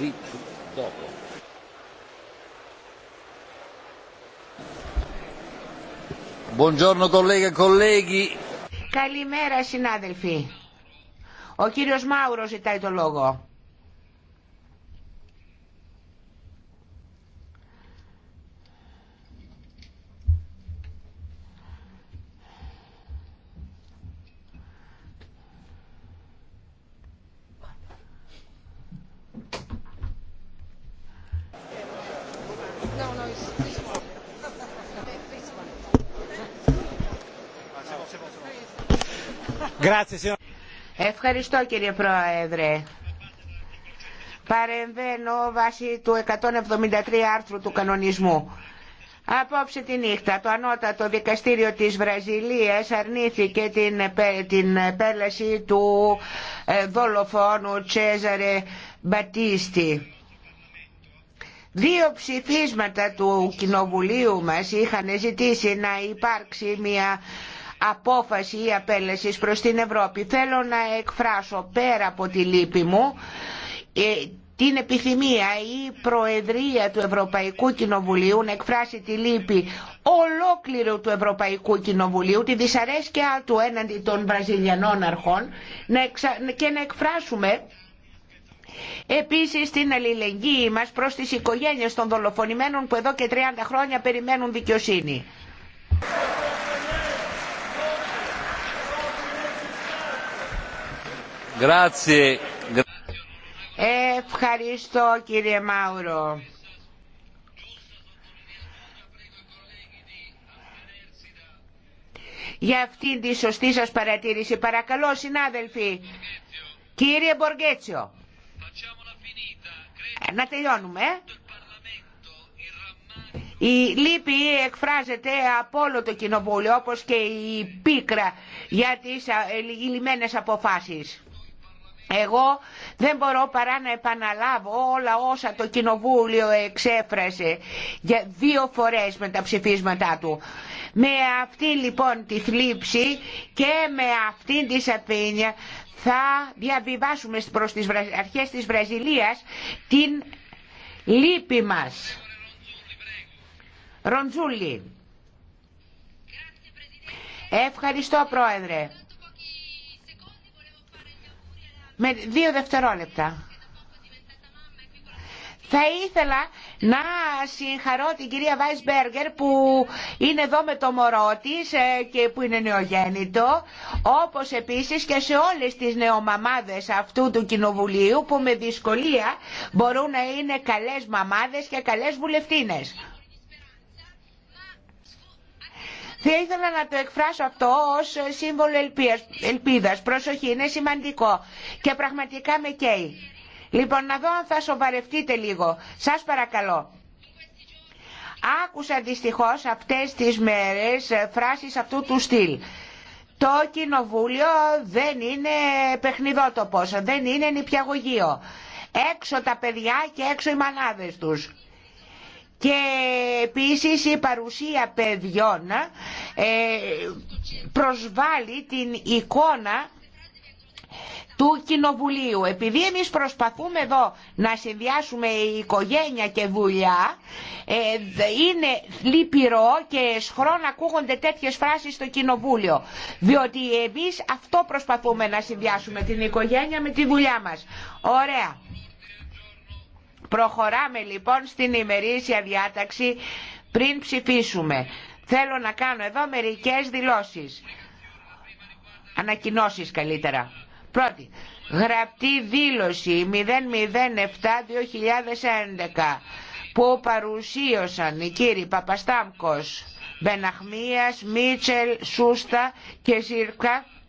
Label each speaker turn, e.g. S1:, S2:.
S1: E Καλημέρα συνάδελφοι. Ο κύριος Μάουρος ζητάει το λόγο. Ευχαριστώ κύριε Πρόεδρε. Παρεμβαίνω βάσει του 173 άρθρου του κανονισμού. Απόψε τη νύχτα το ανώτατο δικαστήριο της Βραζιλίας αρνήθηκε την, την πέλαση του ε, δολοφόνου Τσέζαρε Μπατίστη. Δύο ψηφίσματα του Κοινοβουλίου μας είχαν ζητήσει να υπάρξει μια απόφαση ή απέλεση προς την Ευρώπη. Θέλω να εκφράσω πέρα από τη λύπη μου ε, την επιθυμία η Προεδρία του Ευρωπαϊκού Κοινοβουλίου να εκφράσει τη λύπη ολόκληρου του Ευρωπαϊκού Κοινοβουλίου, τη δυσαρέσκεια του έναντι των Βραζιλιανών αρχών και να εκφράσουμε Επίσης την αλληλεγγύη μας προς τις οικογένειες των δολοφονημένων που εδώ και 30 χρόνια περιμένουν δικαιοσύνη. Ευχαριστώ κύριε Μάουρο. για αυτήν τη σωστή σας παρατήρηση. Παρακαλώ συνάδελφοι, κύριε Μποργέτσιο να τελειώνουμε. Η λύπη εκφράζεται από όλο το κοινοβούλιο όπως και η πίκρα για τις ε, λιμένες αποφάσεις. Εγώ δεν μπορώ παρά να επαναλάβω όλα όσα το Κοινοβούλιο εξέφρασε για δύο φορές με τα ψηφίσματά του. Με αυτή λοιπόν τη θλίψη και με αυτήν τη σαφήνεια θα διαβιβάσουμε προς τις αρχές της Βραζιλίας την λύπη μας. Ροντζούλη. Ευχαριστώ πρόεδρε. Με δύο δευτερόλεπτα. Θα ήθελα να συγχαρώ την κυρία Βάισμπεργκερ που είναι εδώ με το μωρό της ε, και που είναι νεογέννητο, όπως επίσης και σε όλες τις νεομαμάδες αυτού του κοινοβουλίου που με δυσκολία μπορούν να είναι καλές μαμάδες και καλές βουλευτίνες. Θα ήθελα να το εκφράσω αυτό ως σύμβολο ελπίδας. Προσοχή, είναι σημαντικό και πραγματικά με καίει. Λοιπόν, να δω αν θα σοβαρευτείτε λίγο. Σας παρακαλώ. Άκουσα δυστυχώς αυτές τις μέρες φράσεις αυτού του στυλ. Το κοινοβούλιο δεν είναι παιχνιδότοπος, δεν είναι νηπιαγωγείο. Έξω τα παιδιά και έξω οι μανάδες τους. Και επίσης η παρουσία παιδιών ε, προσβάλλει την εικόνα του Κοινοβουλίου. Επειδή εμείς προσπαθούμε εδώ να συνδυάσουμε η οικογένεια και δουλειά, ε, είναι λυπηρό και σχρόν ακούγονται τέτοιες φράσεις στο Κοινοβούλιο. Διότι εμείς αυτό προσπαθούμε να συνδυάσουμε, την οικογένεια με τη δουλειά μας. Ωραία. Προχωράμε λοιπόν στην ημερήσια διάταξη πριν ψηφίσουμε. Θέλω να κάνω εδώ μερικές δηλώσεις. Ανακοινώσεις καλύτερα. Πρώτη, γραπτή δήλωση 007-2011 που παρουσίωσαν οι κύριοι Παπαστάμκος, Μπεναχμίας, Μίτσελ, Σούστα και Σύρκα